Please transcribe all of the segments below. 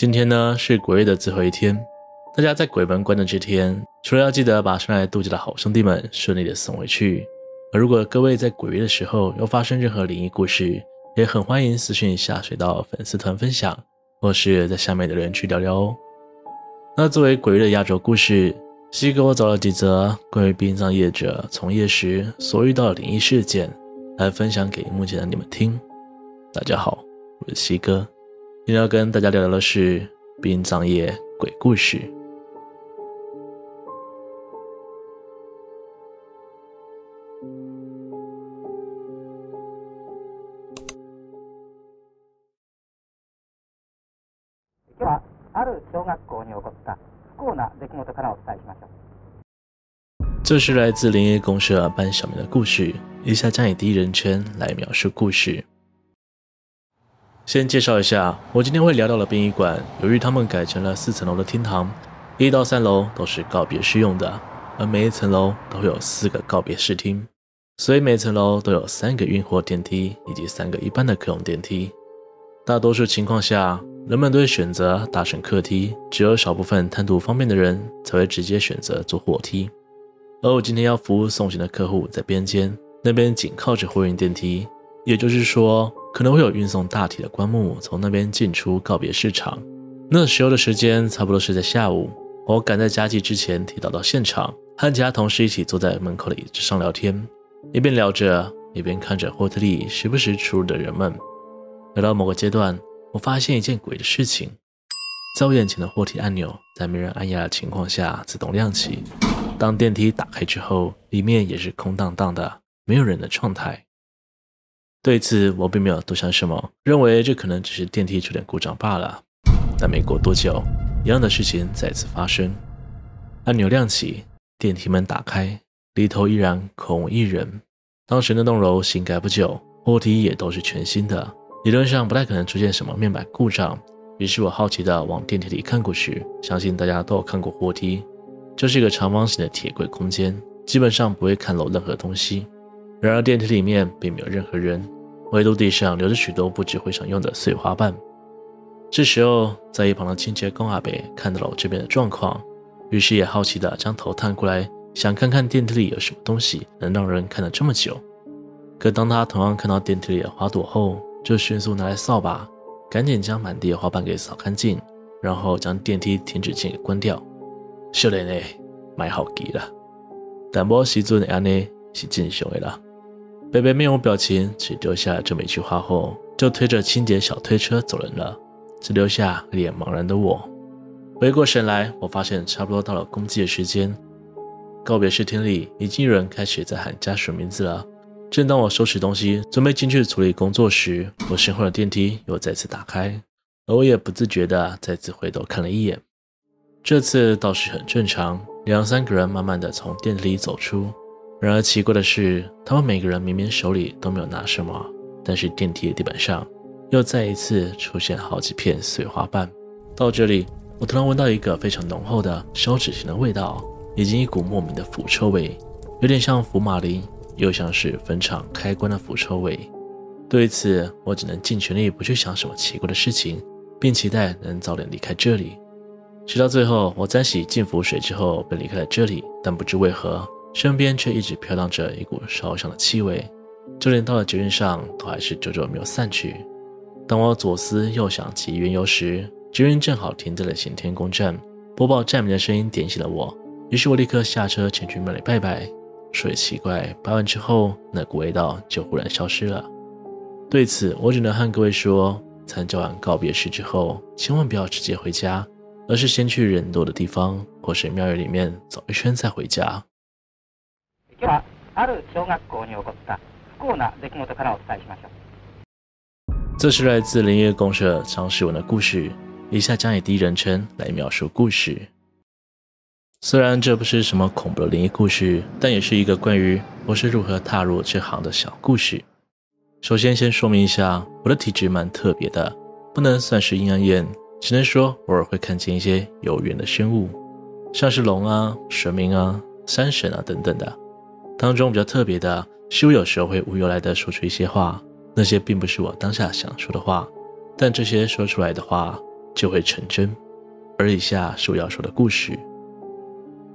今天呢，是鬼月的最後一天，大家在鬼門關的這天，除了要記得把上來度假的好兄弟們順利的送回去，而如果各位在鬼月的時候又發生任何靈異故事，也很歡迎私訊下水道粉絲團分享，或是在下面的留言區聊聊哦。那作為鬼月的壓軸故事，西哥我找了幾則關於殯葬業者從業時所遇到的靈異事件，來分享給螢幕前的你們聽。大家好，我是西哥。今天要跟大家聊聊的是殯葬業鬼故事。今小學校不出事，這是來自靈異公社班小明的故事，以下將以第一人稱來描述故事。先介紹一下我今天會聊到的殯儀館，由於他們改成了四層樓的廳堂，一到三樓都是告別式用的，而每一層樓都會有四個告別室廳，所以每層樓都有三個運貨電梯以及三個一般的客用電梯。大多數情況下，人們都會選擇搭乘客梯，只有少部分貪圖方便的人才會直接選擇坐貨梯。而我今天要服務送行的客戶在邊間那邊緊靠着貨運電梯，也就是說。可能會有運送大體的棺木從那邊進出告別市場，那時候的時間差不多是在下午。我趕在家祭之前提早到，到現場，和其他同事一起坐在門口的椅子上聊天，一邊聊着一邊看着貨梯裡時不時出入的人們。來到某個階段，我發現一件鬼的事情：在我眼前的貨梯按鈕在沒人按壓的情況下自動亮起。當電梯打開之後，裡面也是空蕩蕩的，沒有人的狀態。對此，我並沒有多想什麼，認為這可能只是電梯出點故障罷了。但沒過多久，一樣的事情再次發生，按鈕亮起，電梯門打開，裡頭依然空無一人。當時那棟樓新蓋不久，貨梯也都是全新的，理論上不太可能出現什麼面板故障。於是我好奇地往電梯裡看過去，相信大家都有看過貨梯，這、就是一個長方形的鐵櫃空間，基本上不會看漏任何東西。然而電梯裡面並沒有任何人。唯獨地上留着許多布置會上用的碎花瓣。這時候，在一旁的清潔工阿北看到了我這邊的狀況，於是也好奇的將頭探過來，想看看電梯裡有什麼東西能讓人看了這麼久。可當他同樣看到電梯裡的花朵後，就迅速拿來掃把，趕緊將滿地的花瓣給掃乾淨，然後將電梯停止鍵給關掉。秀雷呢？買好機了，但某時的安呢是正常的啦。貝貝面無表情，只丟下這麼一句話後，就推着清潔小推車走人了，只留下一臉茫然的我。回過神來，我發現差不多到了公祭的時間，告別式廳裡已經有人開始在喊家屬的名字了。正當我收拾東西準備進去處理工作時，我身後的電梯又再次打開，而我也不自覺地再次回頭看了一眼。這次倒是很正常，兩三個人慢慢地從電梯裡走出。然而奇怪的是，他們每個人明明手裡都沒有拿什麼，但是電梯的地板上又再一次出現好幾片碎花瓣。到這裡，我突然聞到一個非常濃厚的燒紙錢的味道，以及一股莫名的腐臭味，有點像福馬林，又像是墳場開棺的腐臭味。對此，我只能盡全力不去想什麼奇怪的事情，並期待能早點離開這裡。直到最後，我沾洗淨腐水之後，便離開了這裡。但不知為何，身邊卻一直飄蕩着一股燒香的氣味，就連到了捷運上都還是久久沒有散去。當我左思右想其緣由時，捷運正好停在了行天宮站，播報站名的聲音點醒了我。於是，我立刻下車前去廟裡拜拜。說也奇怪，拜完之後，那股、個、味道就忽然消失了。對此，我只能和各位說：參加完告別式之後，千萬不要直接回家，而是先去人多的地方，或是廟宇裡面走一圈再回家。這是來自靈異公社張世文的故事，以下將以第一人稱來描述故事。雖然這不是什麼恐怖的靈異故事，但也是一個關於我是如何踏入這行的小故事。首先，先說明一下，我的體質蠻特別的，不能算是陰陽眼，只能說偶爾會看見一些有緣的生物，像是龍啊、神明啊、山神啊等等的。當中比較特別的，是我有時候會無由來的說出一些話，那些並不是我當下想說的話，但這些說出來的話就會成真。而以下是我要說的故事。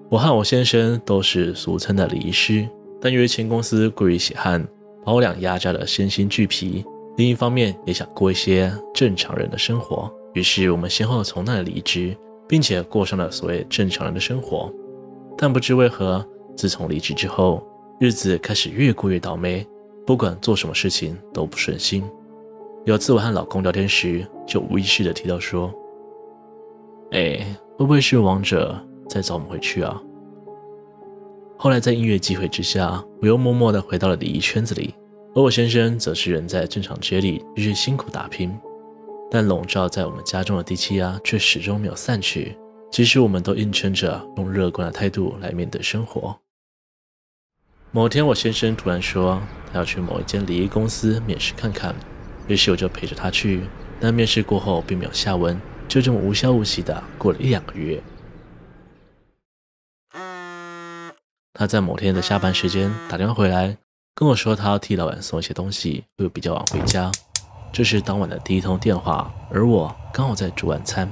我和我先生都是俗稱的禮儀師，但因為前公司過於血汗，把我倆壓榨的身心俱疲。另一方面也想過一些正常人的生活，於是我們先後從那裡離職，並且過上了所謂正常人的生活。但不知為何，自從離職之後，日子開始越過越倒霉，不管做什麼事情都不順心。有次我和老公聊天時，就無意識地提到說：“哎、欸，會不會是亡者在找我們回去啊？”後來在因緣際會之下，我又默默地回到了禮儀圈子裡，而我先生則是人在正常街裡日日辛苦打拼。但籠罩在我們家中的低氣壓卻始終沒有散去，即使我們都硬撐着用樂觀的態度來面對生活。某天，我先生突然說他要去某一間禮儀公司面試看看，於是我就陪着他去。但面試過後並沒有下文，就這麼無消無息的過了一兩個月。他在某天的下班時間打電話回來，跟我說他要替老板送一些東西，會比較晚回家。這是當晚的第一通電話，而我剛好在煮晚餐。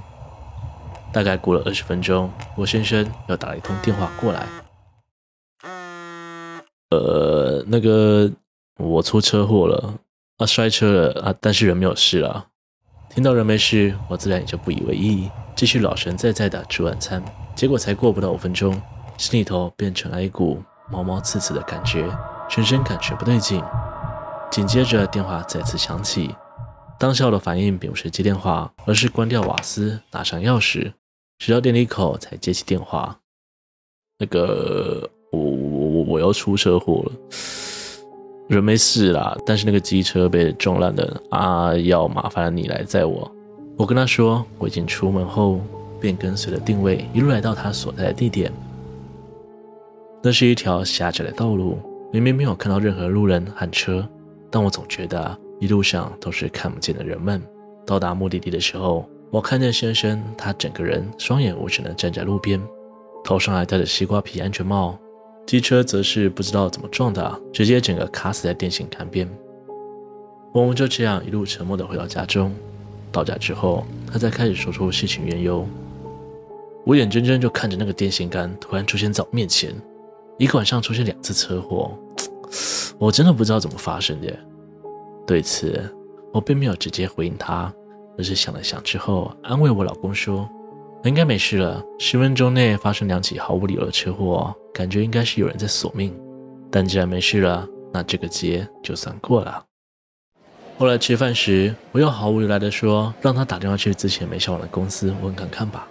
大概過了二十分鐘，我先生又打了一通電話過來。呃，那個我出車禍了啊，摔車了啊，但是人沒有事啊。聽到人沒事，我自然也就不以為意，繼續老神在在的吃晚餐。結果才過不到五分鐘，心裡頭變成了一股毛毛刺刺的感覺，全身感覺不對勁。緊接着電話再次響起，當下的反應並不是接電話，而是關掉瓦斯，拿上鑰匙，直到電梯口才接起電話。那個我。我要出車禍了，人沒事啦，但是那個機車被撞爛的啊，要麻煩你來載我。我跟他說，我已經出門後便跟隨了定位，一路來到他所在的地點。那是一條狹窄的道路，明明沒有看到任何路人和車，但我總覺得一路上都是看不見的人們。到達目的地的時候，我看見先生，他整個人雙眼無神的站在路邊，頭上還戴着西瓜皮安全帽。機車則是不知道怎麼撞的，直接整個卡死在電線桿邊。我們就這樣一路沉默地回到家中。到家之後，他才開始說出事情緣由。我眼睜睜就看着那個電線桿突然出現在我面前。一個晚上出現兩次車禍，我真的不知道怎麼發生的。對此，我並沒有直接回應他，而是想了想之後安慰我老公說：“應該沒事了，十分鐘內發生兩起毫無理由的車禍。”感覺應該是有人在索命，但既然沒事了，那這個劫就算過了。後來吃飯時，我又毫無由來地說，讓他打電話去之前沒上網的公司問看看吧。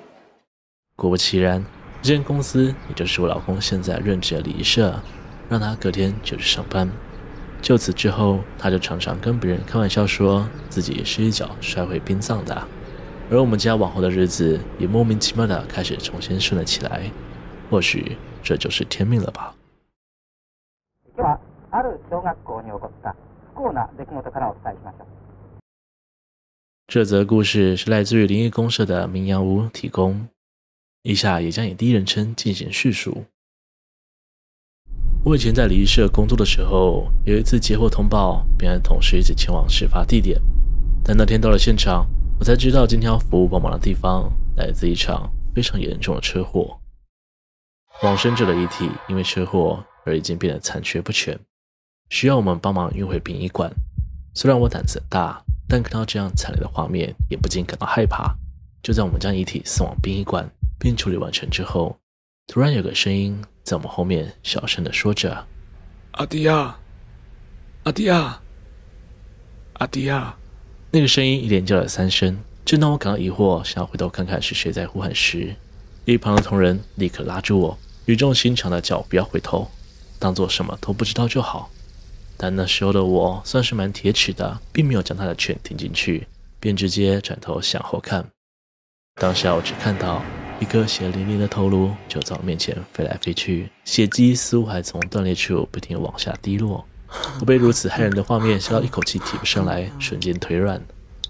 果不其然，這間公司也就是我老公現在任職的禮儀社，讓他隔天就去上班。就此之後，他就常常跟別人開玩笑說自己也是一腳摔回殯葬的，而我們家往後的日子也莫名其妙地開始重新順了起來。或許。這就是天命了吧？這則故事是來自於靈異公社的名揚屋提供，以下也將以第一人稱進行敘述。我以前在禮儀社工作的時候，有一次接獲通報，便和同事一起前往事發地點。但那天到了現場，我才知道今天要服務幫忙的地方來自一場非常嚴重的車禍。往生者的遺體因為車禍而已經變得殘缺不全，需要我們幫忙運回殯儀館。雖然我膽子很大，但看到這樣慘烈的畫面也不禁感到害怕。就在我們將遺體送往殯儀館並處理完成之後，突然有個聲音在我們後面小聲的說着：“阿迪亞，阿迪亞，阿迪亞。”那個聲音一連叫了三聲。正當我感到疑惑，想要回頭看看是誰在呼喊時，一旁的同仁立刻拉住我，語重心長的叫不要回頭，當做什麼都不知道就好。但那時候的我算是蠻鐵齒的，並沒有將他的勸聽進去，便直接轉頭向後看。當下我只看到一個血淋淋的頭顱就在我面前飛來飛去，血跡似乎還從斷裂處不停往下滴落。我 被如此駭人的畫面嚇到，一口氣提不上來，瞬間腿軟，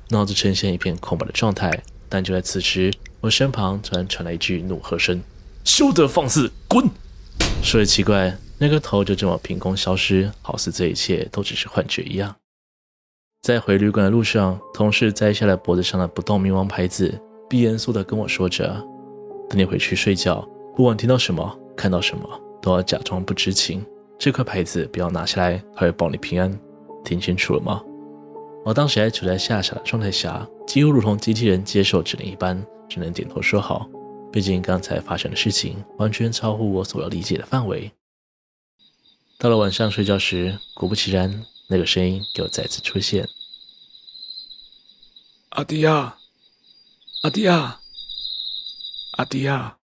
腦子呈現一片空白的狀態。但就在此時，我身旁突然傳來一句怒喝聲：“休得放肆，滾！”說也奇怪，那個頭就這麼憑空消失，好似這一切都只是幻覺一樣。在回旅館的路上，同事摘下了脖子上的不動明王牌子，並嚴肅地跟我說着：“等你回去睡覺，不管聽到什麼、看到什麼，都要假裝不知情。這塊牌子不要拿下來，它會保你平安。聽清楚了嗎？”我當時還處在嚇傻的狀態下，幾乎如同機器人接受指令一般，只能點頭說好。畢竟剛才發生的事情完全超乎我所要理解的範圍。到了晚上睡覺時，果不其然，那個聲音又再次出現：“阿迪亞、啊，阿迪亞、啊，阿迪亞、啊。”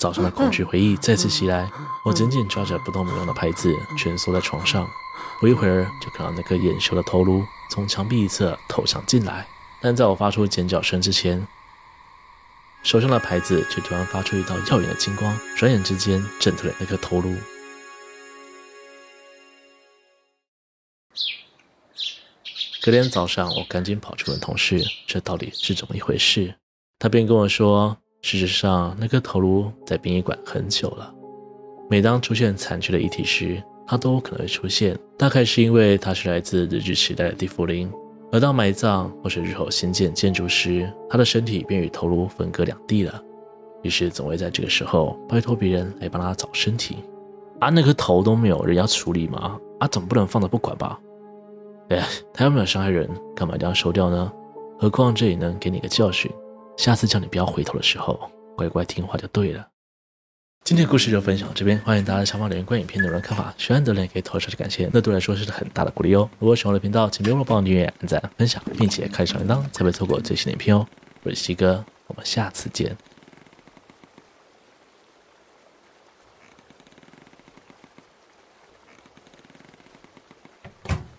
早上的恐懼回憶再次襲來，我緊緊抓着不動明王的牌子，蜷縮在床上。不一會兒，就看到那個眼熟的頭顱從牆壁一側透牆進來。但在我發出尖叫聲之前，手上的牌子卻突然發出一道耀眼的金光，轉眼之間震退了那顆頭顱。隔天早上，我趕緊跑去找同事，這到底是怎麼一回事？他便跟我說。事實上，那顆頭顱在殯儀館很久了。每當出現殘缺的遺體時，它都可能會出現。大概是因為它是來自日據時代的地縛靈，而當埋葬或是日後新建建築時，他的身體便與頭顱分隔兩地了。於是，總會在這個時候拜托別人來幫他找身體。啊，那顆頭都沒有人要處理嗎？啊，總不能放着不管吧？哎，他又沒有傷害人，幹嘛一定要收掉呢？何況這裡能給你個教訓。下次叫你不要回頭的時候，乖乖聽話就對了。今天故事就分享到這邊，歡迎大家下方留言關於影片的個人看法，喜歡的留言可以投個超級感謝，那對我來說是很大的鼓勵哦。如果喜歡我的頻道，請別忘了幫我訂閱、點讚、分享，並且開小鈴鐺，才不會錯過最新的影片哦。我是西哥，我們下次見。